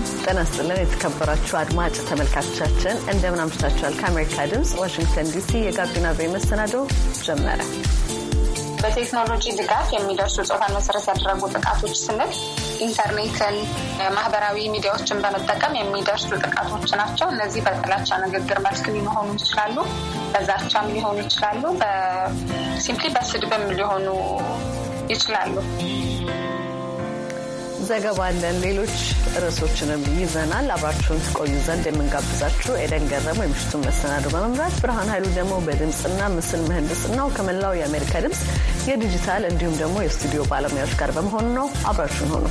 ሰላም ጤና ይስጥልን። የተከበራችሁ አድማጭ ተመልካቾቻችን እንደምን አምሽታችኋል? ከአሜሪካ ድምፅ ዋሽንግተን ዲሲ የጋቢና ቤ መሰናዶ ጀመረ። በቴክኖሎጂ ድጋፍ የሚደርሱ ጾታን መሰረት ያደረጉ ጥቃቶች ስንል ኢንተርኔትን፣ ማህበራዊ ሚዲያዎችን በመጠቀም የሚደርሱ ጥቃቶች ናቸው። እነዚህ በጥላቻ ንግግር መልክ ሊሆኑ ይችላሉ፣ በዛቻም ሊሆኑ ይችላሉ፣ ሲምፕሊ በስድብም ሊሆኑ ይችላሉ። ዘገባ አለን። ሌሎች ርዕሶችንም ይዘናል። አብራችሁን ትቆዩ ዘንድ የምንጋብዛችሁ ኤደን ገረሙ የምሽቱን መሰናዶ በመምራት ብርሃን ኃይሉ ደግሞ በድምፅና ምስል ምህንድስናው ከመላው የአሜሪካ ድምፅ የዲጂታል እንዲሁም ደግሞ የስቱዲዮ ባለሙያዎች ጋር በመሆኑ ነው። አብራችሁን ሆኑ።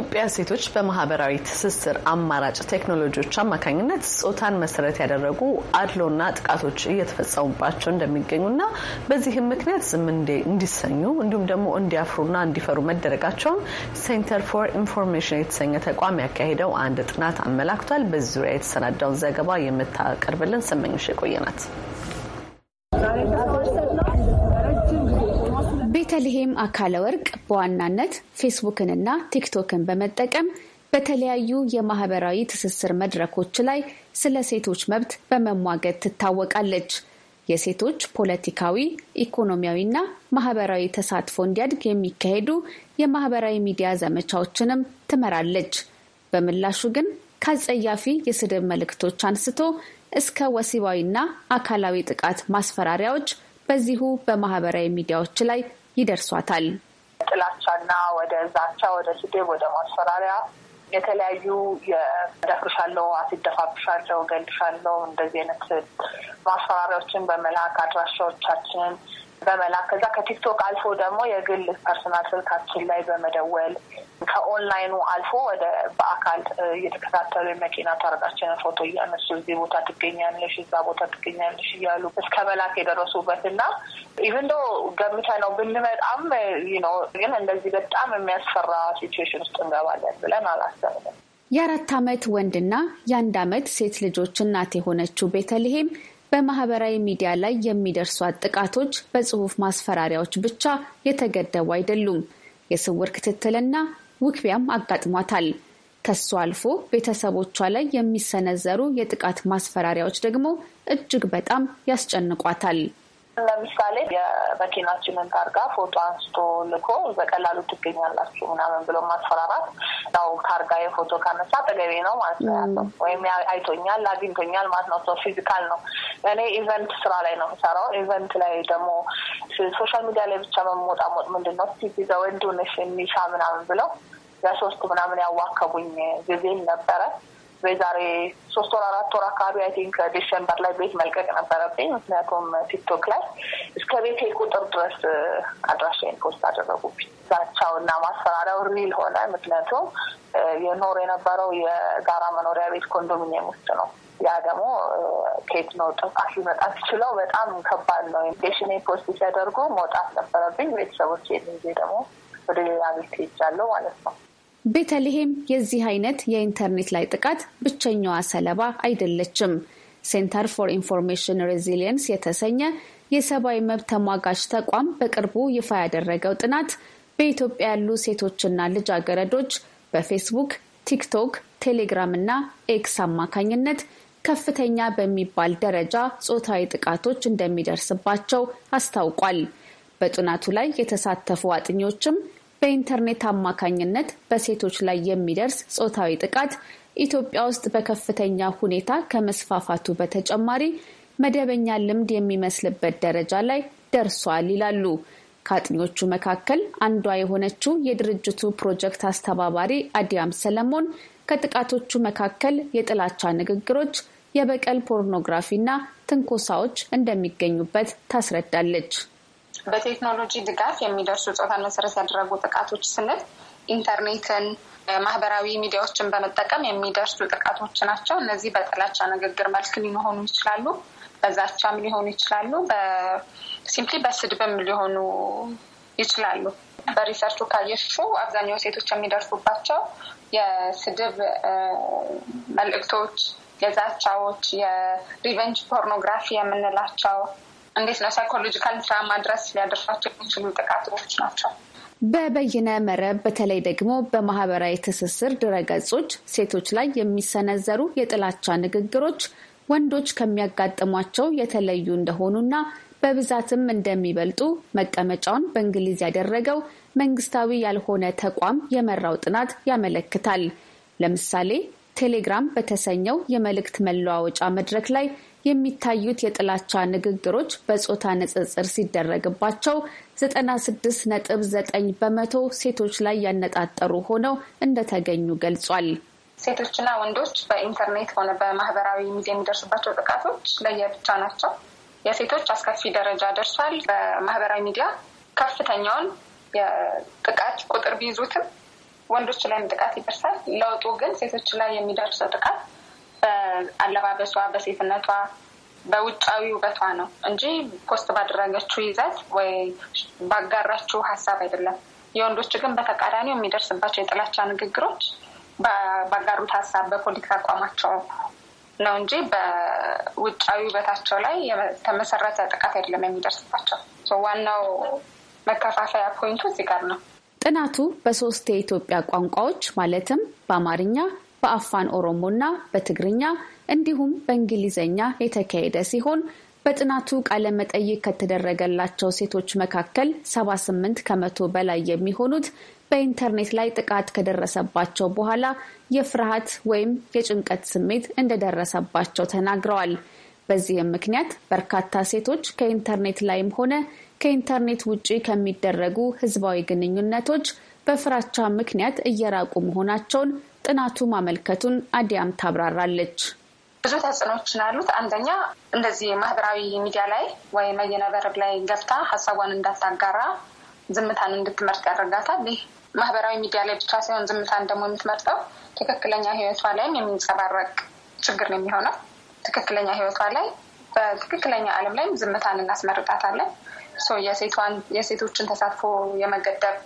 የኢትዮጵያ ሴቶች በማህበራዊ ትስስር አማራጭ ቴክኖሎጂዎች አማካኝነት ጾታን መሰረት ያደረጉ አድሎና ጥቃቶች እየተፈጸሙባቸው እንደሚገኙና በዚህም ምክንያት ዝም እንዲሰኙ እንዲሁም ደግሞ እንዲያፍሩና እንዲፈሩ መደረጋቸውን ሴንተር ፎር ኢንፎርሜሽን የተሰኘ ተቋም ያካሄደው አንድ ጥናት አመላክቷል። በዚህ ዙሪያ የተሰናዳውን ዘገባ የምታቀርብልን ስመኞች የቆየናት ቤተልሔም አካለ ወርቅ በዋናነት ፌስቡክንና ቲክቶክን በመጠቀም በተለያዩ የማህበራዊ ትስስር መድረኮች ላይ ስለ ሴቶች መብት በመሟገት ትታወቃለች። የሴቶች ፖለቲካዊ፣ ኢኮኖሚያዊና ማህበራዊ ተሳትፎ እንዲያድግ የሚካሄዱ የማህበራዊ ሚዲያ ዘመቻዎችንም ትመራለች። በምላሹ ግን ከአጸያፊ የስድብ መልእክቶች አንስቶ እስከ ወሲባዊና አካላዊ ጥቃት ማስፈራሪያዎች በዚሁ በማህበራዊ ሚዲያዎች ላይ ይደርሷታል። ጥላቻና ወደ ዛቻ፣ ወደ ስድብ፣ ወደ ማስፈራሪያ የተለያዩ የደፍርሻለው፣ አሲድ ገልሻለው እንደዚህ አይነት ማስፈራሪያዎችን በመላክ አድራሻዎቻችንን በመላክ ከዛ ከቲክቶክ አልፎ ደግሞ የግል ፐርሶናል ስልካችን ላይ በመደወል ከኦንላይኑ አልፎ ወደ በአካል እየተከታተሉ የመኪና ታርጋችንን ፎቶ እያነሱ እዚህ ቦታ ትገኛለሽ፣ እዛ ቦታ ትገኛለሽ እያሉ እስከ መላክ የደረሱበት እና ኢቨን ዶ ገምተ ነው ብንመጣም ነው ግን እንደዚህ በጣም የሚያስፈራ ሲትዌሽን ውስጥ እንገባለን ብለን አላሰብንም። የአራት ዓመት ወንድና የአንድ ዓመት ሴት ልጆች እናት የሆነችው ቤተልሔም በማህበራዊ ሚዲያ ላይ የሚደርሷት ጥቃቶች በጽሁፍ ማስፈራሪያዎች ብቻ የተገደቡ አይደሉም። የስውር ክትትልና ውክቢያም አጋጥሟታል። ከሱ አልፎ ቤተሰቦቿ ላይ የሚሰነዘሩ የጥቃት ማስፈራሪያዎች ደግሞ እጅግ በጣም ያስጨንቋታል። ለምሳሌ የመኪናችንን ታርጋ ፎቶ አንስቶ ልኮ በቀላሉ ትገኛላችሁ ምናምን ብሎ ማስፈራራት፣ ያው ታርጋ የፎቶ ካነሳ ተገቢ ነው ማለት ነው ያለው ወይም አይቶኛል አግኝቶኛል ማለት ነው። ሰው ፊዚካል ነው። እኔ ኢቨንት ስራ ላይ ነው የምሰራው። ኢቨንት ላይ ደግሞ ሶሻል ሚዲያ ላይ ብቻ መሞጣሞጥ ምንድን ነው ሲዛ ወንዱ ነሽ የሚሻ ምናምን ብለው ለሶስት ምናምን ያዋከቡኝ ጊዜም ነበረ። በዛሬ ሶስት ወር አራት ወር አካባቢ አይ ቲንክ ዲሴምበር ላይ ቤት መልቀቅ ነበረብኝ። ምክንያቱም ቲክቶክ ላይ እስከ ቤቴ ቁጥር ድረስ አድራሻዬን ፖስት አደረጉብኝ። ዛቻው እና ማስፈራሪያው ሪል ሆነ። ምክንያቱም የኖር የነበረው የጋራ መኖሪያ ቤት ኮንዶሚኒየም ውስጥ ነው። ያ ደግሞ ኬት ነው ጥፋት ሊመጣ ትችለው? በጣም ከባድ ነው። ኢንዴሽኔ ፖስት ሲያደርጉ መውጣት ነበረብኝ። ቤተሰቦች ይሄን ጊዜ ደግሞ ወደ ሌላ ቤት ሄጃለሁ ማለት ነው። ቤተልሔም የዚህ አይነት የኢንተርኔት ላይ ጥቃት ብቸኛዋ ሰለባ አይደለችም። ሴንተር ፎር ኢንፎርሜሽን ሬዚሊየንስ የተሰኘ የሰብአዊ መብት ተሟጋች ተቋም በቅርቡ ይፋ ያደረገው ጥናት በኢትዮጵያ ያሉ ሴቶችና ልጃገረዶች በፌስቡክ፣ ቲክቶክ፣ ቴሌግራም እና ኤክስ አማካኝነት ከፍተኛ በሚባል ደረጃ ጾታዊ ጥቃቶች እንደሚደርስባቸው አስታውቋል። በጥናቱ ላይ የተሳተፉ አጥኚዎችም በኢንተርኔት አማካኝነት በሴቶች ላይ የሚደርስ ጾታዊ ጥቃት ኢትዮጵያ ውስጥ በከፍተኛ ሁኔታ ከመስፋፋቱ በተጨማሪ መደበኛ ልምድ የሚመስልበት ደረጃ ላይ ደርሷል ይላሉ። ከአጥኚዎቹ መካከል አንዷ የሆነችው የድርጅቱ ፕሮጀክት አስተባባሪ አዲያም ሰለሞን ከጥቃቶቹ መካከል የጥላቻ ንግግሮች፣ የበቀል ፖርኖግራፊና ትንኮሳዎች እንደሚገኙበት ታስረዳለች። በቴክኖሎጂ ድጋፍ የሚደርሱ ጾታን መሰረት ያደረጉ ጥቃቶች ስንል ኢንተርኔትን፣ ማህበራዊ ሚዲያዎችን በመጠቀም የሚደርሱ ጥቃቶች ናቸው። እነዚህ በጥላቻ ንግግር መልክ ሊሆኑ ይችላሉ፣ በዛቻም ሊሆኑ ይችላሉ፣ በሲምፕሊ በስድብም ሊሆኑ ይችላሉ። በሪሰርቹ ካየሹ አብዛኛው ሴቶች የሚደርሱባቸው የስድብ መልእክቶች፣ የዛቻዎች፣ የሪቨንጅ ፖርኖግራፊ የምንላቸው እንዴት ነው ሳይኮሎጂካል ድረስ ሊያደርሳቸው የሚችሉ ጥቃቶች ናቸው። በበይነ መረብ በተለይ ደግሞ በማህበራዊ ትስስር ድረገጾች ሴቶች ላይ የሚሰነዘሩ የጥላቻ ንግግሮች ወንዶች ከሚያጋጥሟቸው የተለዩ እንደሆኑና በብዛትም እንደሚበልጡ መቀመጫውን በእንግሊዝ ያደረገው መንግስታዊ ያልሆነ ተቋም የመራው ጥናት ያመለክታል። ለምሳሌ ቴሌግራም በተሰኘው የመልእክት መለዋወጫ መድረክ ላይ የሚታዩት የጥላቻ ንግግሮች በጾታ ንጽጽር ሲደረግባቸው 96.9 በመቶ ሴቶች ላይ ያነጣጠሩ ሆነው እንደተገኙ ገልጿል። ሴቶችና ወንዶች በኢንተርኔት ሆነ በማህበራዊ ሚዲያ የሚደርሱባቸው ጥቃቶች ለየብቻ ናቸው። የሴቶች አስከፊ ደረጃ ደርሷል። በማህበራዊ ሚዲያ ከፍተኛውን የጥቃት ቁጥር ቢይዙትም ወንዶች ላይም ጥቃት ይደርሳል። ለውጡ ግን ሴቶች ላይ የሚደርሰው ጥቃት በአለባበሷ፣ በሴትነቷ፣ በውጫዊ ውበቷ ነው እንጂ ፖስት ባደረገችው ይዘት ወይ ባጋራችው ሀሳብ አይደለም። የወንዶች ግን በተቃራኒው የሚደርስባቸው የጥላቻ ንግግሮች ባጋሩት ሀሳብ፣ በፖለቲካ አቋማቸው ነው እንጂ በውጫዊ ውበታቸው ላይ የተመሰረተ ጥቃት አይደለም የሚደርስባቸው። ዋናው መከፋፈያ ፖይንቱ እዚህ ጋር ነው። ጥናቱ በሶስት የኢትዮጵያ ቋንቋዎች ማለትም በአማርኛ፣ በአፋን ኦሮሞና በትግርኛ እንዲሁም በእንግሊዝኛ የተካሄደ ሲሆን በጥናቱ ቃለመጠይቅ ከተደረገላቸው ሴቶች መካከል 78 ከመቶ በላይ የሚሆኑት በኢንተርኔት ላይ ጥቃት ከደረሰባቸው በኋላ የፍርሃት ወይም የጭንቀት ስሜት እንደደረሰባቸው ተናግረዋል። በዚህም ምክንያት በርካታ ሴቶች ከኢንተርኔት ላይም ሆነ ከኢንተርኔት ውጪ ከሚደረጉ ሕዝባዊ ግንኙነቶች በፍራቻ ምክንያት እየራቁ መሆናቸውን ጥናቱ ማመልከቱን አዲያም ታብራራለች። ብዙ ተጽዕኖች አሉት። አንደኛ እንደዚህ ማህበራዊ ሚዲያ ላይ ወይ መየነበረብ ላይ ገብታ ሀሳቧን እንዳታጋራ ዝምታን እንድትመርጥ ያደርጋታል። ይህ ማህበራዊ ሚዲያ ላይ ብቻ ሳይሆን ዝምታን ደግሞ የምትመርጠው ትክክለኛ ህይወቷ ላይም የሚንጸባረቅ ችግር ነው የሚሆነው። ትክክለኛ ህይወቷ ላይ በትክክለኛ ዓለም ላይም ዝምታን እናስመርጣታለን። የሴቶችን ተሳትፎ የመገደብ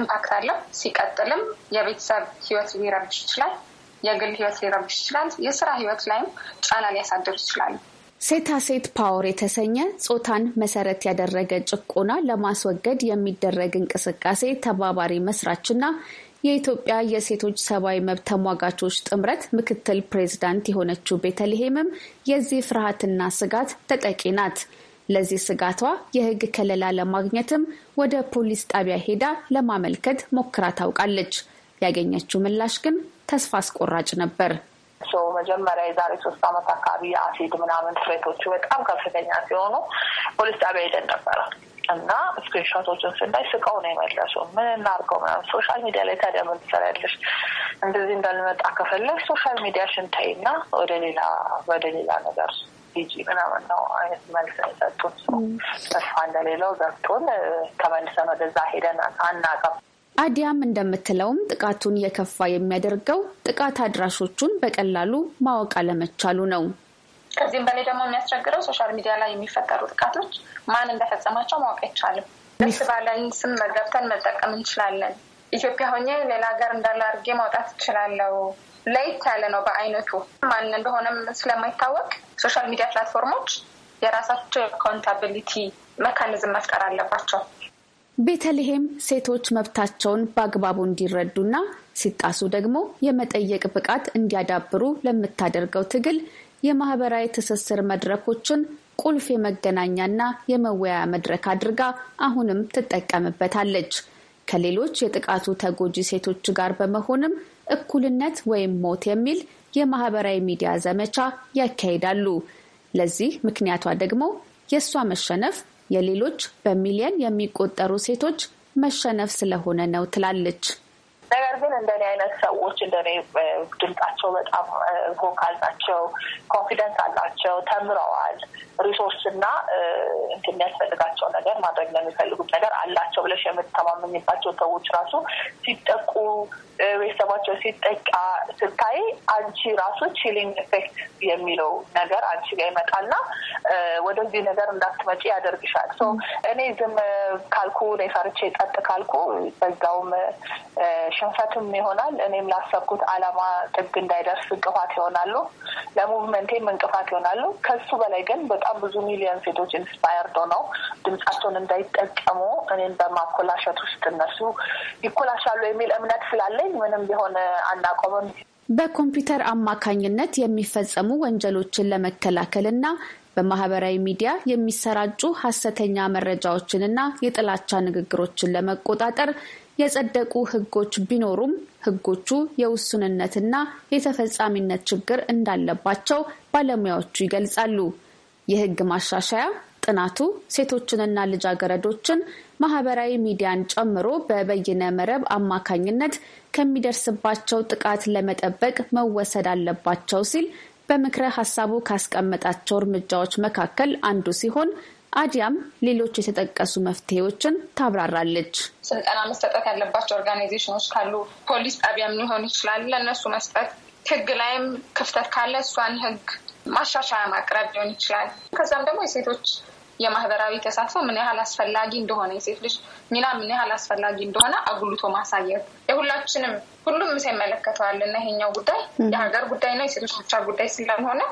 ኢምፓክት አለው። ሲቀጥልም የቤተሰብ ህይወት ሊረብሽ ይችላል። የግል ህይወት ሊረብሽ ይችላል። የስራ ህይወት ላይም ጫና ሊያሳድር ይችላሉ። ሴት ፓወር የተሰኘ ጾታን መሰረት ያደረገ ጭቆና ለማስወገድ የሚደረግ እንቅስቃሴ ተባባሪ መስራችና የኢትዮጵያ የሴቶች ሰብአዊ መብት ተሟጋቾች ጥምረት ምክትል ፕሬዝዳንት የሆነችው ቤተልሔምም የዚህ ፍርሃትና ስጋት ተጠቂ ናት። ለዚህ ስጋቷ የህግ ከለላ ለማግኘትም ወደ ፖሊስ ጣቢያ ሄዳ ለማመልከት ሞክራ ታውቃለች። ያገኘችው ምላሽ ግን ተስፋ አስቆራጭ ነበር። ሰው መጀመሪያ የዛሬ ሶስት ዓመት አካባቢ የአሲድ ምናምን ፍሬቶቹ በጣም ከፍተኛ ሲሆኑ ፖሊስ ጣቢያ ሄደን ነበረ እና ስክሪንሾቶችን ስናይ ስቀው ነው የመለሱ። ምን እናርገው ምናምን ሶሻል ሚዲያ ላይ ታዲያ ምን ትሰሪያለሽ? እንደዚህ እንዳልመጣ ከፈለግ ሶሻል ሚዲያሽን ተይና ወደ ሌላ ወደ ሌላ ነገር ሂጂ ምናምን ነው አይነት መልስ የሰጡን። ተስፋ እንደሌለው ገብቶን ተመልሰን ወደዛ ሄደን አናቀም። አዲያም እንደምትለውም ጥቃቱን የከፋ የሚያደርገው ጥቃት አድራሾቹን በቀላሉ ማወቅ አለመቻሉ ነው። ከዚህም በላይ ደግሞ የሚያስቸግረው ሶሻል ሚዲያ ላይ የሚፈጠሩ ጥቃቶች ማን እንደፈጸማቸው ማወቅ አይቻልም። ደስ ባለን ስም መገብተን መጠቀም እንችላለን። ኢትዮጵያ ሆኜ ሌላ ሀገር እንዳለ አድርጌ ማውጣት እችላለሁ። ለየት ያለ ነው በአይነቱ ማን እንደሆነም ስለማይታወቅ ሶሻል ሚዲያ ፕላትፎርሞች የራሳቸው አካውንታቢሊቲ መካኒዝም መፍጠር አለባቸው። ቤተልሔም ሴቶች መብታቸውን በአግባቡ እንዲረዱና ሲጣሱ ደግሞ የመጠየቅ ብቃት እንዲያዳብሩ ለምታደርገው ትግል የማህበራዊ ትስስር መድረኮችን ቁልፍ የመገናኛና የመወያያ መድረክ አድርጋ አሁንም ትጠቀምበታለች። ከሌሎች የጥቃቱ ተጎጂ ሴቶች ጋር በመሆንም እኩልነት ወይም ሞት የሚል የማህበራዊ ሚዲያ ዘመቻ ያካሂዳሉ። ለዚህ ምክንያቷ ደግሞ የእሷ መሸነፍ የሌሎች በሚሊየን የሚቆጠሩ ሴቶች መሸነፍ ስለሆነ ነው ትላለች። ነገር ግን እንደኔ አይነት ሰዎች እንደኔ ድምጻቸው በጣም ቮካል ናቸው፣ ኮንፊደንስ አላቸው፣ ተምረዋል፣ ሪሶርስ እና የሚያስፈልጋቸው ነገር ማድረግ ለሚፈልጉት ነገር አላቸው ብለሽ የምትተማመኝባቸው ሰዎች ራሱ ሲጠቁ ቤተሰባቸው ሲጠቃ ስታይ አንቺ ራሱ ቺሊንግ ኤፌክት የሚለው ነገር አንቺ ጋር ይመጣና ወደዚህ ነገር እንዳትመጪ ያደርግሻል። እኔ ዝም ካልኩ እኔ ፈርቼ ጠጥ ካልኩ በዛውም ሽንፈትም ይሆናል። እኔም ላሰብኩት አላማ ጥግ እንዳይደርስ እንቅፋት ይሆናሉ፣ ለሙቭመንቴም እንቅፋት ይሆናሉ። ከሱ በላይ ግን በጣም ብዙ ሚሊዮን ሴቶች ኢንስፓየርድ ነው ድምጻቸውን እንዳይጠቀሙ እኔም በማኮላሸት ውስጥ እነሱ ይኮላሻሉ የሚል እምነት ስላለ። ምንም ቢሆን አናቆምም። በኮምፒውተር አማካኝነት የሚፈጸሙ ወንጀሎችን ለመከላከል እና በማህበራዊ ሚዲያ የሚሰራጩ ሀሰተኛ መረጃዎችንና የጥላቻ ንግግሮችን ለመቆጣጠር የጸደቁ ሕጎች ቢኖሩም ሕጎቹ የውሱንነትና የተፈጻሚነት ችግር እንዳለባቸው ባለሙያዎቹ ይገልጻሉ። የሕግ ማሻሻያ ጥናቱ ሴቶችንና ልጃገረዶችን ማህበራዊ ሚዲያን ጨምሮ በበይነ መረብ አማካኝነት ከሚደርስባቸው ጥቃት ለመጠበቅ መወሰድ አለባቸው ሲል በምክረ ሀሳቡ ካስቀመጣቸው እርምጃዎች መካከል አንዱ ሲሆን አዲያም ሌሎች የተጠቀሱ መፍትሄዎችን ታብራራለች። ስልጠና መሰጠት ያለባቸው ኦርጋናይዜሽኖች ካሉ ፖሊስ ጣቢያም ሊሆን ይችላል፣ ለእነሱ መስጠት፣ ህግ ላይም ክፍተት ካለ እሷን ህግ ማሻሻያ ማቅረብ ሊሆን ይችላል። ከዛም ደግሞ የሴቶች የማህበራዊ ተሳትፎ ምን ያህል አስፈላጊ እንደሆነ፣ የሴት ልጅ ሚና ምን ያህል አስፈላጊ እንደሆነ አጉልቶ ማሳየት የሁላችንም ሁሉም ይመለከተዋል እና ይሄኛው ጉዳይ የሀገር ጉዳይ ነው የሴቶች ብቻ ጉዳይ ስላልሆነ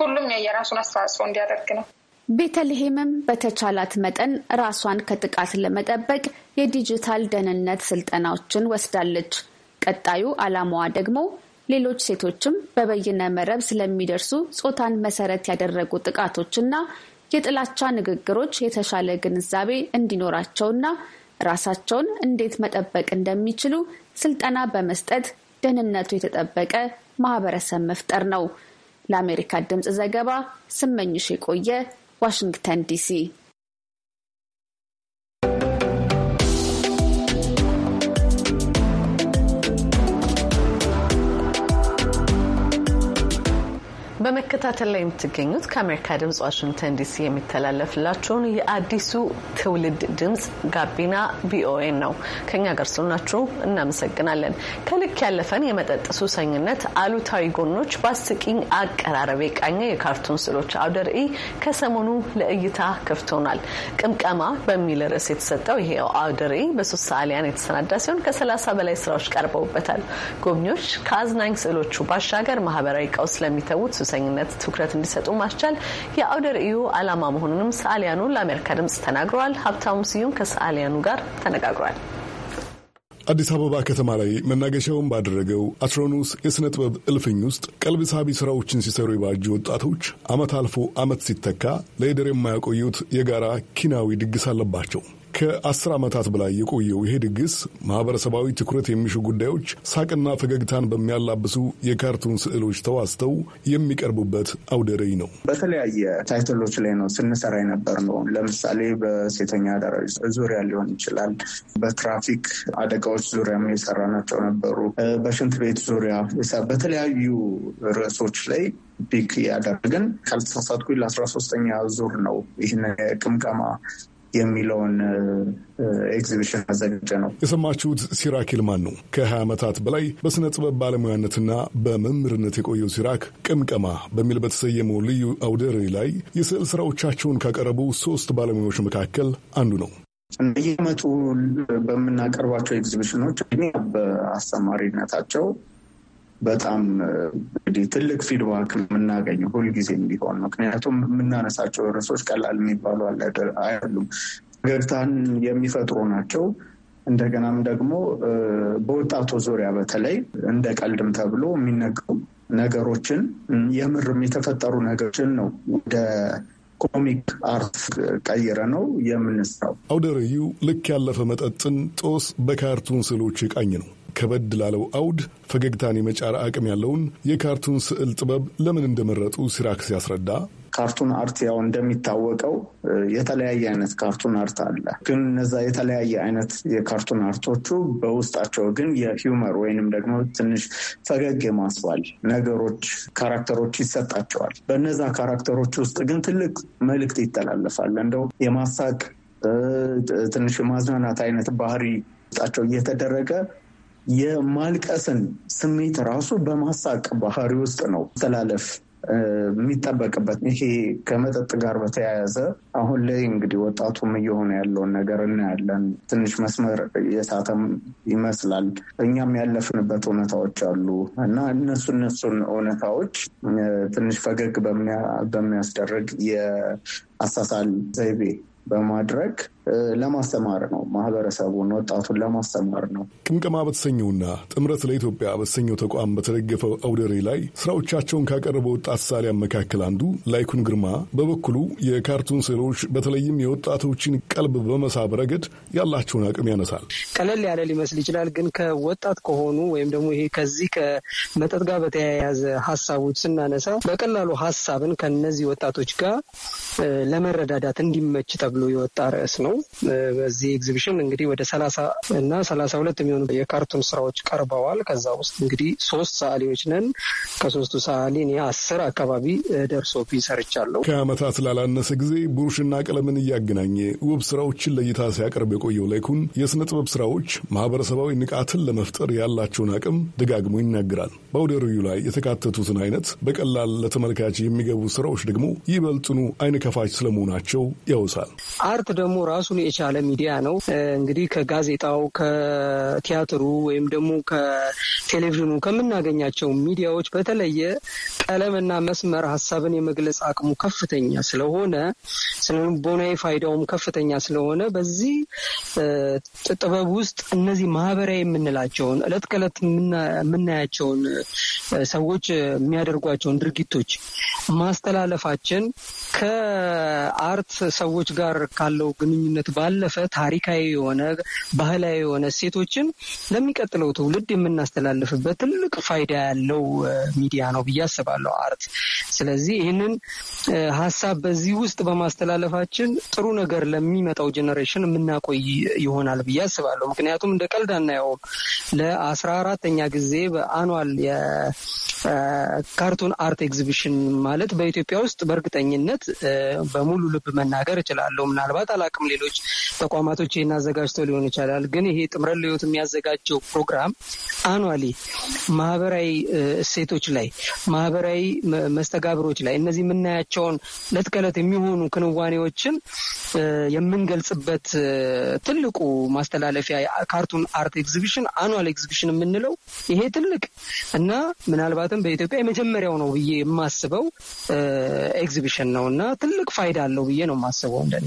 ሁሉም የራሱን አስተዋጽኦ እንዲያደርግ ነው። ቤተልሔምም በተቻላት መጠን ራሷን ከጥቃት ለመጠበቅ የዲጂታል ደህንነት ስልጠናዎችን ወስዳለች። ቀጣዩ ዓላማዋ ደግሞ ሌሎች ሴቶችም በበይነ መረብ ስለሚደርሱ ጾታን መሰረት ያደረጉ ጥቃቶችና የጥላቻ ንግግሮች የተሻለ ግንዛቤ እንዲኖራቸውና ራሳቸውን እንዴት መጠበቅ እንደሚችሉ ስልጠና በመስጠት ደህንነቱ የተጠበቀ ማህበረሰብ መፍጠር ነው። ለአሜሪካ ድምፅ ዘገባ ስመኝሽ የቆየ ዋሽንግተን ዲሲ። በመከታተል ላይ የምትገኙት ከአሜሪካ ድምጽ ዋሽንግተን ዲሲ የሚተላለፍላችሁን የአዲሱ ትውልድ ድምጽ ጋቢና ቪኦኤ ነው። ከኛ ጋር ስለሆናችሁ እናመሰግናለን። ከልክ ያለፈን የመጠጥ ሱሰኝነት አሉታዊ ጎኖች በአስቂኝ አቀራረብ የቃኘ የካርቱን ስዕሎች አውደ ርዕይ ከሰሞኑ ለእይታ ክፍት ሆኗል። ቅምቀማ በሚል ርዕስ የተሰጠው ይሄው አውደ ርዕይ በሶስት ሰዓሊያን የተሰናዳ ሲሆን ከሰላሳ በላይ ስራዎች ቀርበውበታል። ጎብኚዎች ከአዝናኝ ስዕሎቹ ባሻገር ማህበራዊ ቀውስ ስለሚተዉት ሱሰኝነት ግንኙነት ትኩረት እንዲሰጡ ማስቻል የአውደ ርዕዩ ዓላማ መሆኑንም ሰዓሊያኑ ለአሜሪካ ድምጽ ተናግረዋል። ሀብታሙ ስዩም ከሰዓሊያኑ ጋር ተነጋግሯል። አዲስ አበባ ከተማ ላይ መናገሻውን ባደረገው አትሮኑስ የሥነ ጥበብ እልፍኝ ውስጥ ቀልብ ሳቢ ሥራዎችን ሲሰሩ የባጁ ወጣቶች ዓመት አልፎ ዓመት ሲተካ ለይደር የማያቆዩት የጋራ ኪናዊ ድግስ አለባቸው። ከአስር ዓመታት በላይ የቆየው ይሄ ድግስ ማኅበረሰባዊ ትኩረት የሚሹ ጉዳዮች ሳቅና ፈገግታን በሚያላብሱ የካርቱን ስዕሎች ተዋዝተው የሚቀርቡበት አውደ ርዕይ ነው። በተለያየ ታይትሎች ላይ ነው ስንሰራ የነበር ነው። ለምሳሌ በሴተኛ አዳሪ ዙሪያ ሊሆን ይችላል። በትራፊክ አደጋዎች ዙሪያ የሰራናቸው ነበሩ። በሽንት ቤት ዙሪያ በተለያዩ ርዕሶች ላይ ቢክ ያደረግን ካልተሳሳትኩኝ ለአስራ ሶስተኛ ዙር ነው ይህን ቅምቀማ የሚለውን ኤግዚቢሽን አዘጋጀ ነው። የሰማችሁት ሲራክ ይልማን ነው። ከ20 ዓመታት በላይ በሥነ ጥበብ ባለሙያነትና በመምህርነት የቆየው ሲራክ ቅምቀማ በሚል በተሰየመው ልዩ አውደ ርዕይ ላይ የስዕል ስራዎቻቸውን ካቀረቡ ሶስት ባለሙያዎች መካከል አንዱ ነው። በየዓመቱ በምናቀርባቸው ኤግዚቢሽኖች በአስተማሪነታቸው በጣም እንግዲህ ትልቅ ፊድባክ የምናገኘው ሁልጊዜም ቢሆን ምክንያቱም የምናነሳቸው ርዕሶች ቀላል የሚባሉ አይደሉም። ፈገግታን የሚፈጥሩ ናቸው። እንደገናም ደግሞ በወጣቱ ዙሪያ በተለይ እንደ ቀልድም ተብሎ የሚነገሩ ነገሮችን የምርም የተፈጠሩ ነገሮችን ነው ወደ ኮሚክ አርት ቀይረ ነው የምንስራው። አውደ ርዕዩ ልክ ያለፈ መጠጥን ጦስ በካርቱን ስዕሎች የቃኝ ነው። ከበድ ላለው አውድ ፈገግታን የመጫር አቅም ያለውን የካርቱን ስዕል ጥበብ ለምን እንደመረጡ ሲራክስ ያስረዳ። ካርቱን አርት ያው እንደሚታወቀው የተለያየ አይነት ካርቱን አርት አለ። ግን እነዛ የተለያየ አይነት የካርቱን አርቶቹ በውስጣቸው ግን የሂውመር ወይንም ደግሞ ትንሽ ፈገግ የማስባል ነገሮች፣ ካራክተሮች ይሰጣቸዋል። በነዛ ካራክተሮች ውስጥ ግን ትልቅ መልእክት ይተላለፋል። እንደው የማሳቅ ትንሽ የማዝናናት አይነት ባህሪ ውስጣቸው እየተደረገ የማልቀስን ስሜት ራሱ በማሳቅ ባህሪ ውስጥ ነው ተላለፍ የሚጠበቅበት ይሄ ከመጠጥ ጋር በተያያዘ አሁን ላይ እንግዲህ ወጣቱም እየሆነ ያለውን ነገር እናያለን። ትንሽ መስመር የሳተም ይመስላል። እኛም ያለፍንበት እውነታዎች አሉ እና እነሱ እነሱን እውነታዎች ትንሽ ፈገግ በሚያስደርግ የአሳሳል ዘይቤ በማድረግ ለማስተማር ነው። ማህበረሰቡን ወጣቱን ለማስተማር ነው። ቅምቀማ በተሰኘውና ጥምረት ለኢትዮጵያ በተሰኘው ተቋም በተደገፈው አውደሬ ላይ ስራዎቻቸውን ካቀረበ ወጣት ሳሊያን መካከል አንዱ ላይኩን ግርማ በበኩሉ የካርቱን ስዕሎች በተለይም የወጣቶችን ቀልብ በመሳብ ረገድ ያላቸውን አቅም ያነሳል። ቀለል ያለ ሊመስል ይችላል፣ ግን ከወጣት ከሆኑ ወይም ደግሞ ይሄ ከዚህ ከመጠጥ ጋር በተያያዘ ሀሳቦች ስናነሳ በቀላሉ ሀሳብን ከነዚህ ወጣቶች ጋር ለመረዳዳት እንዲመች ተብሎ የወጣ ርዕስ ነው። ነው። በዚህ ኤግዚቢሽን እንግዲህ ወደ ሰላሳ እና ሰላሳ ሁለት የሚሆኑ የካርቱን ስራዎች ቀርበዋል። ከዛ ውስጥ እንግዲህ ሶስት ሰዓሊዎች ነን። ከሶስቱ ሰዓሊ እኔ አስር አካባቢ ደርሶ ሰርቻለሁ። ከአመታት ላላነሰ ጊዜ ብሩሽና ቀለምን እያገናኘ ውብ ስራዎችን ለእይታ ሲያቀርብ የቆየው ላይኩን የስነ ጥበብ ስራዎች ማህበረሰባዊ ንቃትን ለመፍጠር ያላቸውን አቅም ደጋግሞ ይናገራል። በአውደ ርዕዩ ላይ የተካተቱትን አይነት በቀላል ለተመልካች የሚገቡ ስራዎች ደግሞ ይበልጥኑ አይን ከፋች ስለመሆናቸው ያውሳል። አርት ደግሞ ራሱን የቻለ ሚዲያ ነው። እንግዲህ ከጋዜጣው ከቲያትሩ ወይም ደግሞ ከቴሌቪዥኑ ከምናገኛቸው ሚዲያዎች በተለየ ቀለምና መስመር ሀሳብን የመግለጽ አቅሙ ከፍተኛ ስለሆነ ስነልቦናዊ ፋይዳውም ከፍተኛ ስለሆነ በዚህ ጥበብ ውስጥ እነዚህ ማህበራዊ የምንላቸውን እለት ከእለት የምናያቸውን ሰዎች የሚያደርጓቸውን ድርጊቶች ማስተላለፋችን ከአርት ሰዎች ጋር ካለው ግንኙነት ግንኙነት ባለፈ ታሪካዊ የሆነ ባህላዊ የሆነ እሴቶችን ለሚቀጥለው ትውልድ የምናስተላልፍበት ትልቅ ፋይዳ ያለው ሚዲያ ነው ብዬ አስባለሁ አርት። ስለዚህ ይህንን ሀሳብ በዚህ ውስጥ በማስተላለፋችን ጥሩ ነገር ለሚመጣው ጀኔሬሽን የምናቆይ ይሆናል ብዬ አስባለሁ። ምክንያቱም እንደ ቀልድ አናየውም። ለአስራ አራተኛ ጊዜ በአኗል የካርቱን አርት ኤግዚቢሽን ማለት በኢትዮጵያ ውስጥ በእርግጠኝነት በሙሉ ልብ መናገር እችላለሁ። ምናልባት አላቅም ሌሎች ተቋማቶች ይህን አዘጋጅተው ሊሆን ይችላል። ግን ይሄ ጥምረት ለሕይወት የሚያዘጋጀው ፕሮግራም አኗሊ ማህበራዊ እሴቶች ላይ ማህበራዊ መስተጋብሮች ላይ እነዚህ የምናያቸውን ዕለት ከዕለት የሚሆኑ ክንዋኔዎችን የምንገልጽበት ትልቁ ማስተላለፊያ ካርቱን አርት ኤግዚቢሽን አኗል ኤግዚቢሽን የምንለው ይሄ ትልቅ እና ምናልባትም በኢትዮጵያ የመጀመሪያው ነው ብዬ የማስበው ኤግዚቢሽን ነው እና ትልቅ ፋይዳ አለው ብዬ ነው የማስበው እንደኔ።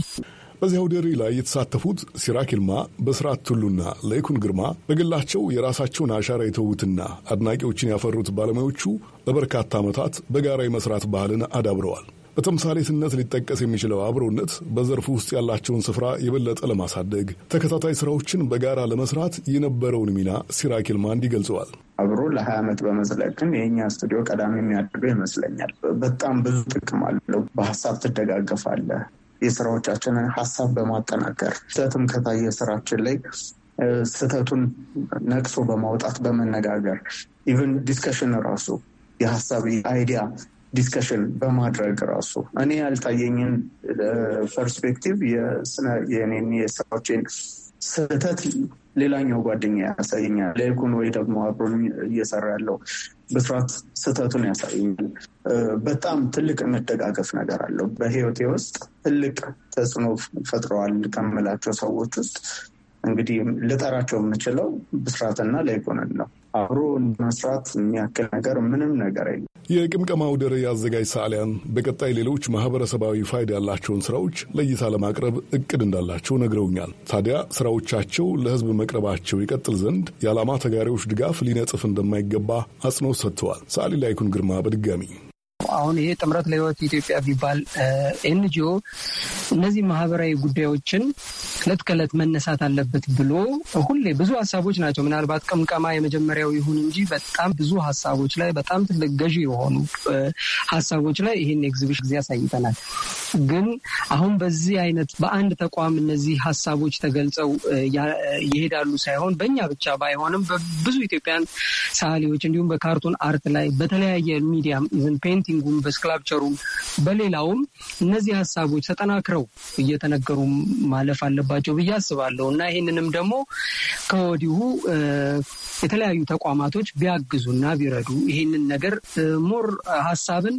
በዚያው አውደ ርዕይ ላይ የተሳተፉት ሲራክ ይልማ፣ በስርዓት ቱሉና ለይኩን ግርማ በግላቸው የራሳቸውን አሻራ የተዉትና አድናቂዎችን ያፈሩት ባለሙያዎቹ ለበርካታ ዓመታት በጋራ የመስራት ባህልን አዳብረዋል። በተምሳሌትነት ሊጠቀስ የሚችለው አብሮነት በዘርፉ ውስጥ ያላቸውን ስፍራ የበለጠ ለማሳደግ ተከታታይ ስራዎችን በጋራ ለመስራት የነበረውን ሚና ሲራክ ይልማ እንዲህ ገልጸዋል። አብሮ ለሀያ ዓመት በመዝለቅ ግን የእኛ ስቱዲዮ ቀዳሚ የሚያደርገው ይመስለኛል። በጣም ብዙ ጥቅም አለው። በሀሳብ ትደጋገፋለህ። የስራዎቻችንን ሀሳብ በማጠናከር ስህተትም ከታየ ስራችን ላይ ስህተቱን ነቅሶ በማውጣት በመነጋገር ኢቨን ዲስከሽን ራሱ የሀሳብ አይዲያ ዲስከሽን በማድረግ ራሱ እኔ ያልታየኝን ፐርስፔክቲቭ የኔን የስራዎችን ስህተት ሌላኛው ጓደኛ ያሳየኛል። ላይኩን ወይ ደግሞ አብሮን እየሰራ ያለው ብስራት ስህተቱን ያሳየኛል። በጣም ትልቅ መደጋገፍ ነገር አለው። በህይወቴ ውስጥ ትልቅ ተጽዕኖ ፈጥረዋል ከምላቸው ሰዎች ውስጥ እንግዲህ ልጠራቸው የምችለው ብስራትና ላይኮንን ነው። አብሮ መስራት የሚያክል ነገር ምንም ነገር የለም። የቅምቀማ ውደር አዘጋጅ ሰዓሊያን በቀጣይ ሌሎች ማህበረሰባዊ ፋይዳ ያላቸውን ስራዎች ለእይታ ለማቅረብ እቅድ እንዳላቸው ነግረውኛል። ታዲያ ስራዎቻቸው ለህዝብ መቅረባቸው ይቀጥል ዘንድ የዓላማ ተጋሪዎች ድጋፍ ሊነጽፍ እንደማይገባ አጽንኦት ሰጥተዋል። ሰዓሊ ላይኩን ግርማ በድጋሚ አሁን ይሄ ጥምረት ለህይወት ኢትዮጵያ ቢባል ኤንጂኦ እነዚህ ማህበራዊ ጉዳዮችን እለት ከእለት መነሳት አለበት ብሎ ሁሌ ብዙ ሀሳቦች ናቸው። ምናልባት ቅምቀማ የመጀመሪያው ይሁን እንጂ በጣም ብዙ ሀሳቦች ላይ በጣም ትልቅ ገዢ የሆኑ ሀሳቦች ላይ ይህን ኤግዚቢሽን ጊዜ ያሳይተናል። ግን አሁን በዚህ አይነት በአንድ ተቋም እነዚህ ሀሳቦች ተገልጸው ይሄዳሉ ሳይሆን በእኛ ብቻ ባይሆንም በብዙ ኢትዮጵያን ሳሊዎች እንዲሁም በካርቱን አርት ላይ በተለያየ ሚዲያም ኢቨን ፔንቲንግ በዲዛይኒንጉም፣ በስክላፕቸሩም፣ በሌላውም እነዚህ ሀሳቦች ተጠናክረው እየተነገሩ ማለፍ አለባቸው ብዬ አስባለሁ እና ይህንንም ደግሞ ከወዲሁ የተለያዩ ተቋማቶች ቢያግዙና ቢረዱ ይህንን ነገር ሞር ሀሳብን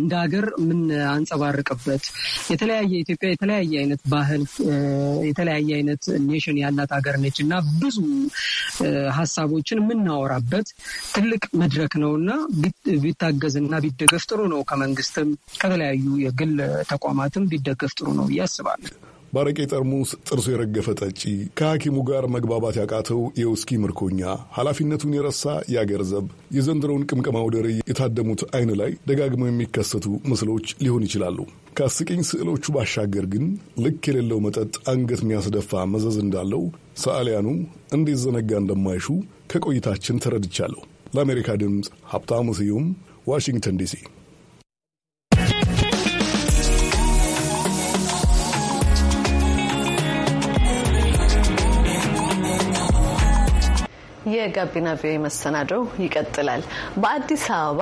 እንደ ሀገር የምናንጸባርቅበት የተለያየ ኢትዮጵያ የተለያየ አይነት ባህል የተለያየ አይነት ኔሽን ያላት ሀገር ነች እና ብዙ ሀሳቦችን የምናወራበት ትልቅ መድረክ ነው እና ቢታገዝና እና ቢደገፍ ጥሩ ነው። ከመንግስትም ከተለያዩ የግል ተቋማትም ቢደገፍ ጥሩ ነው ብዬ አስባለሁ። ባረቄ ጠርሙስ ጥርሱ የረገፈ ጠጪ፣ ከሐኪሙ ጋር መግባባት ያቃተው የውስኪ ምርኮኛ፣ ኃላፊነቱን የረሳ የአገር ዘብ የዘንድሮውን ቅምቅማ ወደ የታደሙት አይን ላይ ደጋግመው የሚከሰቱ ምስሎች ሊሆን ይችላሉ። ከአስቂኝ ስዕሎቹ ባሻገር ግን ልክ የሌለው መጠጥ አንገት የሚያስደፋ መዘዝ እንዳለው ሰዓሊያኑ እንዴት ዘነጋ እንደማይሹ ከቆይታችን ተረድቻለሁ። ለአሜሪካ ድምፅ ሀብታሙ ስዩም Washington, D.C. የጋቢና ቪ መሰናደው ይቀጥላል። በአዲስ አበባ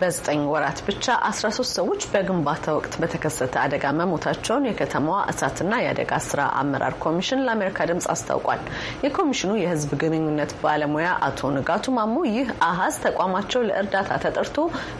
በዘጠኝ ወራት ብቻ 13 ሰዎች በግንባታ ወቅት በተከሰተ አደጋ መሞታቸውን የከተማዋ እሳትና የአደጋ ስራ አመራር ኮሚሽን ለአሜሪካ ድምጽ አስታውቋል። የኮሚሽኑ የህዝብ ግንኙነት ባለሙያ አቶ ንጋቱ ማሞ ይህ አሀዝ ተቋማቸው ለእርዳታ ተጠርቶ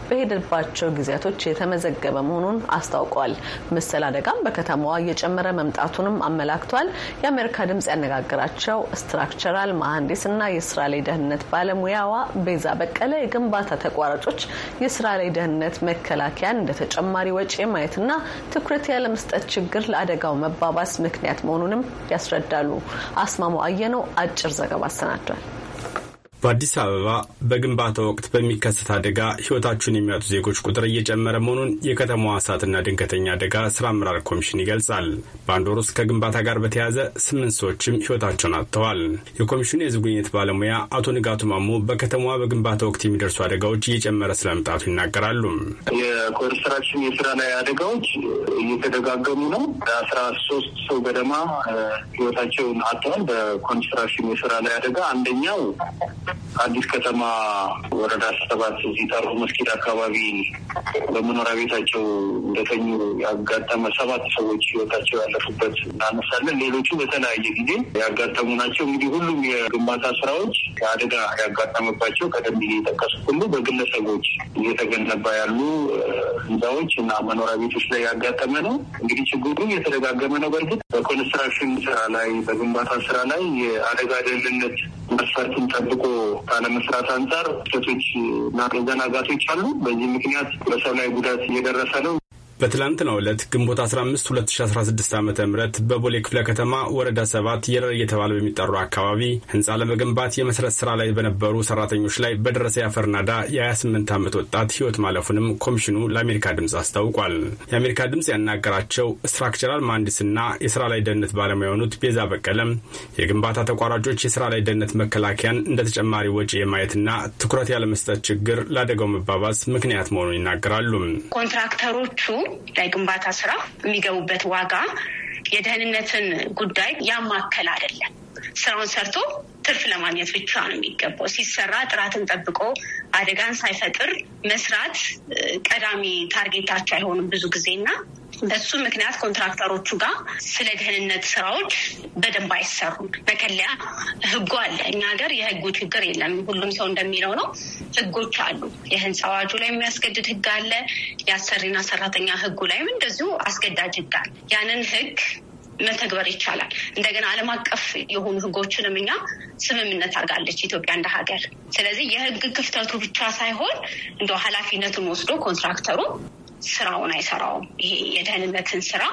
በሄደባቸው ጊዜያቶች የተመዘገበ መሆኑን አስታውቋል። መሰል አደጋም በከተማዋ እየጨመረ መምጣቱንም አመላክቷል። የአሜሪካ ድምጽ ያነጋገራቸው ስትራክቸራል መሀንዲስና የስራ የስራ ላይ ደህንነት ባለሙያዋ ቤዛ በቀለ የግንባታ ተቋራጮች የስራ ላይ ደህንነት መከላከያን እንደ ተጨማሪ ወጪ ማየትና ትኩረት ያለመስጠት ችግር ለአደጋው መባባስ ምክንያት መሆኑንም ያስረዳሉ። አስማሙ አየነው አጭር ዘገባ አሰናዷል። በአዲስ አበባ በግንባታ ወቅት በሚከሰት አደጋ ሕይወታቸውን የሚያጡ ዜጎች ቁጥር እየጨመረ መሆኑን የከተማዋ እሳትና ድንገተኛ አደጋ ስራ አመራር ኮሚሽን ይገልጻል። በአንድ ወር ውስጥ ከግንባታ ጋር በተያያዘ ስምንት ሰዎችም ሕይወታቸውን አጥተዋል። የኮሚሽኑ የህዝብ ግንኙነት ባለሙያ አቶ ንጋቱ ማሞ በከተማዋ በግንባታ ወቅት የሚደርሱ አደጋዎች እየጨመረ ስለመምጣቱ ይናገራሉ። የኮንስትራክሽን የስራ ላይ አደጋዎች እየተደጋገሙ ነው። አስራ ሶስት ሰው ገደማ ህይወታቸውን አጥተዋል። በኮንስትራክሽን የስራ ላይ አደጋ አንደኛው አዲስ ከተማ ወረዳ ሰባት ሲጠሩ መስጊድ አካባቢ በመኖሪያ ቤታቸው እንደተኙ ያጋጠመ ሰባት ሰዎች ህይወታቸው ያለፉበት እናነሳለን። ሌሎቹ በተለያየ ጊዜ ያጋጠሙ ናቸው። እንግዲህ ሁሉም የግንባታ ስራዎች አደጋ ያጋጠመባቸው ቀደም ጊዜ የጠቀሱት ሁሉ በግለሰቦች እየተገነባ ያሉ ህንፃዎች እና መኖሪያ ቤቶች ላይ ያጋጠመ ነው። እንግዲህ ችግሩ የተደጋገመ ነው። በእርግጥ በኮንስትራክሽን ስራ ላይ በግንባታ ስራ ላይ የአደጋ ደህንነት መስፈርትን ጠብቆ ካለመስራት አንጻር ሴቶች እና አሉ። በዚህ ምክንያት በሰው ላይ ጉዳት እየደረሰ ነው። በትላንትናው ዕለት ግንቦት 15 2016 ዓ ም በቦሌ ክፍለ ከተማ ወረዳ ሰባት የረር እየተባለ በሚጠሩ አካባቢ ህንፃ ለመገንባት የመሰረት ስራ ላይ በነበሩ ሰራተኞች ላይ በደረሰ የአፈር ናዳ የ28 ዓመት ወጣት ሕይወት ማለፉንም ኮሚሽኑ ለአሜሪካ ድምፅ አስታውቋል። የአሜሪካ ድምፅ ያናገራቸው ስትራክቸራል መሐንዲስና የስራ ላይ ደህንነት ባለሙያ የሆኑት ቤዛ በቀለም የግንባታ ተቋራጮች የስራ ላይ ደህንነት መከላከያን እንደ ተጨማሪ ወጪ የማየትና ትኩረት ያለመስጠት ችግር ለአደጋው መባባስ ምክንያት መሆኑን ይናገራሉ። ኮንትራክተሮቹ ግንባታ ስራ የሚገቡበት ዋጋ የደህንነትን ጉዳይ ያማከል አይደለም። ስራውን ሰርቶ ትርፍ ለማግኘት ብቻ ነው የሚገባው። ሲሰራ ጥራትን ጠብቆ አደጋን ሳይፈጥር መስራት ቀዳሚ ታርጌታቸው አይሆንም ብዙ ጊዜ እና እሱ ምክንያት ኮንትራክተሮቹ ጋር ስለ ደህንነት ስራዎች በደንብ አይሰሩም። መከለያ ህጉ አለ። እኛ ሀገር የህጉ ችግር የለም። ሁሉም ሰው እንደሚለው ነው። ህጎች አሉ። የህንፃ አዋጁ ላይ የሚያስገድድ ህግ አለ። የአሰሪና ሰራተኛ ህጉ ላይም እንደዚሁ አስገዳጅ ህግ አለ። ያንን ህግ መተግበር ይቻላል። እንደገና ዓለም አቀፍ የሆኑ ህጎችንም እኛ ስምምነት አርጋለች ኢትዮጵያ እንደ ሀገር። ስለዚህ የህግ ክፍተቱ ብቻ ሳይሆን እንደ ኃላፊነቱን ወስዶ ኮንትራክተሩ ስራውን አይሰራውም። ይሄ የደህንነትን ስራ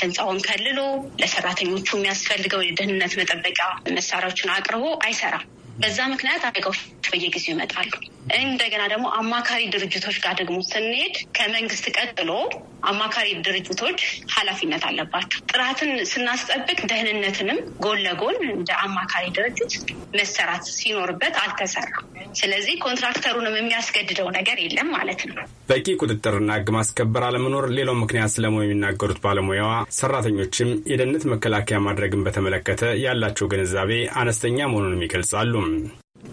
ህንፃውን ከልሎ ለሰራተኞቹ የሚያስፈልገው የደህንነት መጠበቂያ መሳሪያዎችን አቅርቦ አይሰራም። በዛ ምክንያት አደጋዎች በየጊዜው ይመጣሉ። እንደገና ደግሞ አማካሪ ድርጅቶች ጋር ደግሞ ስንሄድ ከመንግስት ቀጥሎ አማካሪ ድርጅቶች ኃላፊነት አለባቸው። ጥራትን ስናስጠብቅ ደህንነትንም ጎን ለጎን እንደ አማካሪ ድርጅት መሰራት ሲኖርበት አልተሰራም። ስለዚህ ኮንትራክተሩንም የሚያስገድደው ነገር የለም ማለት ነው። በቂ ቁጥጥርና ሕግ ማስከበር አለመኖር ሌላው ምክንያት ስለመሆኑ የሚናገሩት ባለሙያዋ ሰራተኞችም የደህንነት መከላከያ ማድረግን በተመለከተ ያላቸው ግንዛቤ አነስተኛ መሆኑንም ይገልጻሉ።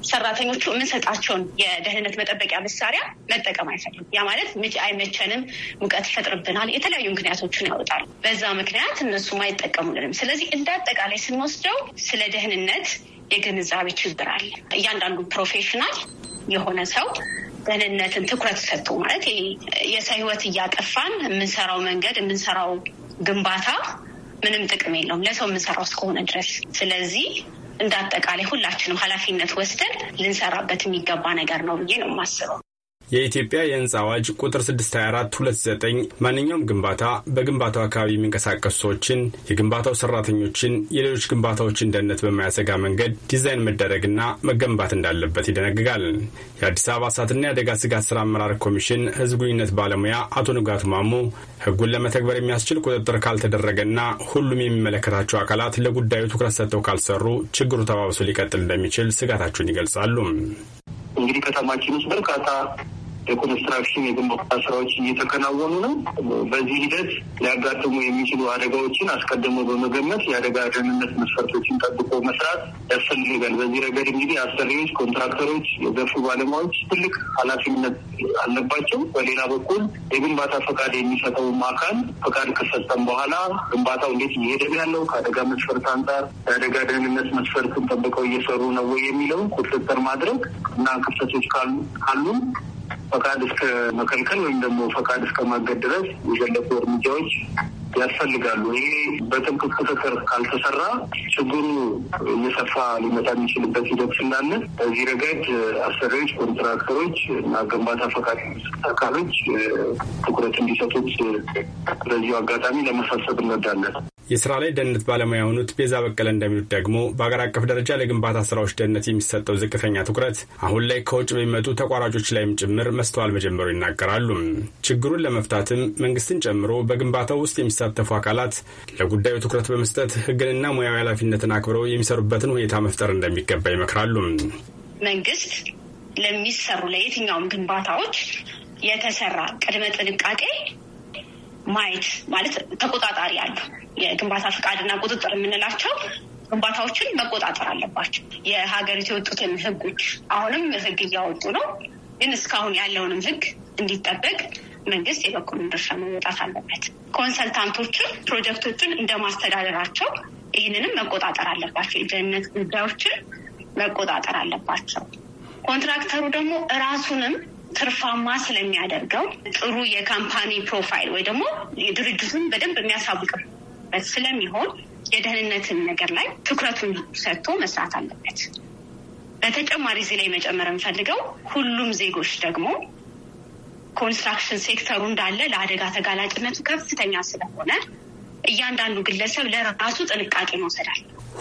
ሰራተኞቹ የምንሰጣቸውን የደህንነት መጠበቂያ መሳሪያ መጠቀም አይፈልም። ያ ማለት ምጭ አይመቸንም፣ ሙቀት ይፈጥርብናል፣ የተለያዩ ምክንያቶችን ያወጣሉ። በዛ ምክንያት እነሱም አይጠቀሙልንም። ስለዚህ እንደ አጠቃላይ ስንወስደው ስለ ደህንነት የግንዛቤ ችግር አለ። እያንዳንዱ ፕሮፌሽናል የሆነ ሰው ደህንነትን ትኩረት ሰጥቶ ማለት የሰው ህይወት እያጠፋን የምንሰራው መንገድ የምንሰራው ግንባታ ምንም ጥቅም የለውም ለሰው የምንሰራው እስከሆነ ድረስ ስለዚህ እንደ አጠቃላይ ሁላችንም ኃላፊነት ወስደን ልንሰራበት የሚገባ ነገር ነው ብዬ ነው የማስበው። የኢትዮጵያ የህንፃ አዋጅ ቁጥር 624 ማንኛውም ግንባታ በግንባታው አካባቢ የሚንቀሳቀሱ ሰዎችን፣ የግንባታው ሰራተኞችን፣ የሌሎች ግንባታዎችን ደህንነት በማያሰጋ መንገድ ዲዛይን መደረግና መገንባት እንዳለበት ይደነግጋል። የአዲስ አበባ እሳትና የአደጋ ስጋት ስራ አመራር ኮሚሽን ህዝብ ግንኙነት ባለሙያ አቶ ንጋቱ ማሞ ህጉን ለመተግበር የሚያስችል ቁጥጥር ካልተደረገና ሁሉም የሚመለከታቸው አካላት ለጉዳዩ ትኩረት ሰጥተው ካልሰሩ ችግሩ ተባብሶ ሊቀጥል እንደሚችል ስጋታቸውን ይገልጻሉ። እንግዲህ ከተማችን ውስጥ በርካታ የኮንስትራክሽን የግንባታ ስራዎች እየተከናወኑ ነው። በዚህ ሂደት ሊያጋጥሙ የሚችሉ አደጋዎችን አስቀድሞ በመገመት የአደጋ ደህንነት መስፈርቶችን ጠብቆ መስራት ያስፈልጋል። በዚህ ረገድ እንግዲህ አሰሪዎች፣ ኮንትራክተሮች፣ የዘርፉ ባለሙያዎች ትልቅ ኃላፊነት አለባቸው። በሌላ በኩል የግንባታ ፈቃድ የሚሰጠውም አካል ፈቃድ ከሰጠም በኋላ ግንባታው እንዴት እየሄደ ያለው ከአደጋ መስፈርት አንጻር የአደጋ ደህንነት መስፈርትን ጠብቀው እየሰሩ ነው ወይ የሚለውን ቁጥጥር ማድረግ እና ክፍተቶች ካሉ ፈቃድ እስከ መከልከል ወይም ደግሞ ፈቃድ እስከ ማገድ ድረስ የዘለቁ እርምጃዎች ያስፈልጋሉ። ይሄ በጥብቅ ቁጥጥር ካልተሰራ ችግሩ እየሰፋ ሊመጣ የሚችልበት ሂደት ስላለ በዚህ ረገድ አሰሪዎች፣ ኮንትራክተሮች እና ግንባታ ፈቃድ አካሎች ትኩረት እንዲሰጡት በዚሁ አጋጣሚ ለመሳሰብ እንወዳለን። የስራ ላይ ደህንነት ባለሙያ የሆኑት ቤዛ በቀለ እንደሚሉት ደግሞ በአገር አቀፍ ደረጃ ለግንባታ ስራዎች ደህንነት የሚሰጠው ዝቅተኛ ትኩረት አሁን ላይ ከውጭ በሚመጡ ተቋራጮች ላይም ጭምር መስተዋል መጀመሩ ይናገራሉ። ችግሩን ለመፍታትም መንግስትን ጨምሮ በግንባታው ውስጥ የሚሳተፉ አካላት ለጉዳዩ ትኩረት በመስጠት ህግንና ሙያዊ ኃላፊነትን አክብረው የሚሰሩበትን ሁኔታ መፍጠር እንደሚገባ ይመክራሉ። መንግስት ለሚሰሩ ለየትኛውም ግንባታዎች የተሰራ ቅድመ ጥንቃቄ ማየት ማለት ተቆጣጣሪ አሉ። የግንባታ ፈቃድና ቁጥጥር የምንላቸው ግንባታዎችን መቆጣጠር አለባቸው። የሀገሪቱ የወጡትን ህጎች አሁንም ህግ እያወጡ ነው። ግን እስካሁን ያለውንም ህግ እንዲጠበቅ መንግስት የበኩሉን ድርሻ መወጣት አለበት። ኮንሰልታንቶችን ፕሮጀክቶችን እንደ ማስተዳደራቸው ይህንንም መቆጣጠር አለባቸው። የደህንነት ጉዳዮችን መቆጣጠር አለባቸው። ኮንትራክተሩ ደግሞ እራሱንም ትርፋማ ስለሚያደርገው ጥሩ የካምፓኒ ፕሮፋይል ወይ ደግሞ ድርጅቱን በደንብ የሚያሳውቅበት ስለሚሆን የደህንነትን ነገር ላይ ትኩረቱን ሰጥቶ መስራት አለበት። በተጨማሪ እዚህ ላይ መጨመር የምፈልገው ሁሉም ዜጎች ደግሞ ኮንስትራክሽን ሴክተሩ እንዳለ ለአደጋ ተጋላጭነቱ ከፍተኛ ስለሆነ እያንዳንዱ ግለሰብ ለራሱ ጥንቃቄ መውሰድ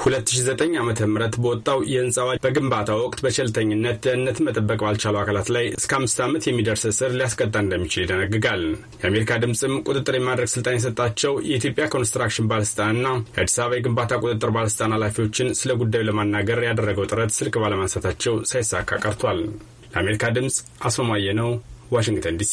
2009 ዓ ም በወጣው የህንፃ አዋጅ በግንባታ ወቅት በቸልተኝነት ደህንነትን መጠበቅ ባልቻሉ አካላት ላይ እስከ አምስት ዓመት የሚደርስ እስር ሊያስቀጣ እንደሚችል ይደነግጋል። የአሜሪካ ድምፅም ቁጥጥር የማድረግ ስልጣን የሰጣቸው የኢትዮጵያ ኮንስትራክሽን ባለስልጣንና የአዲስ አበባ የግንባታ ቁጥጥር ባለስልጣን ኃላፊዎችን ስለ ጉዳዩ ለማናገር ያደረገው ጥረት ስልክ ባለማንሳታቸው ሳይሳካ ቀርቷል። ለአሜሪካ ድምፅ አስማማየ ነው፣ ዋሽንግተን ዲሲ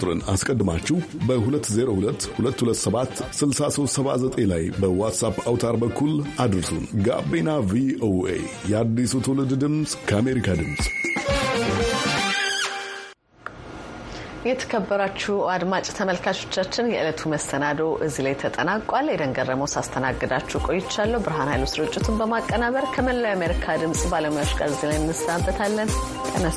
ቁጥርን አስቀድማችሁ በ2022276379 ላይ በዋትሳፕ አውታር በኩል አድርሱን። ጋቢና ቪኦኤ የአዲሱ ትውልድ ድምፅ ከአሜሪካ ድምፅ የተከበራችሁ አድማጭ ተመልካቾቻችን የዕለቱ መሰናዶ እዚህ ላይ ተጠናቋል። ኤደን ገረመው ሳስተናግዳችሁ ቆይቻለሁ። ብርሃን ኃይሉ ስርጭቱን በማቀናበር ከመላው የአሜሪካ ድምፅ ባለሙያዎች ጋር እዚህ ላይ እንሰናበታለን። ጤና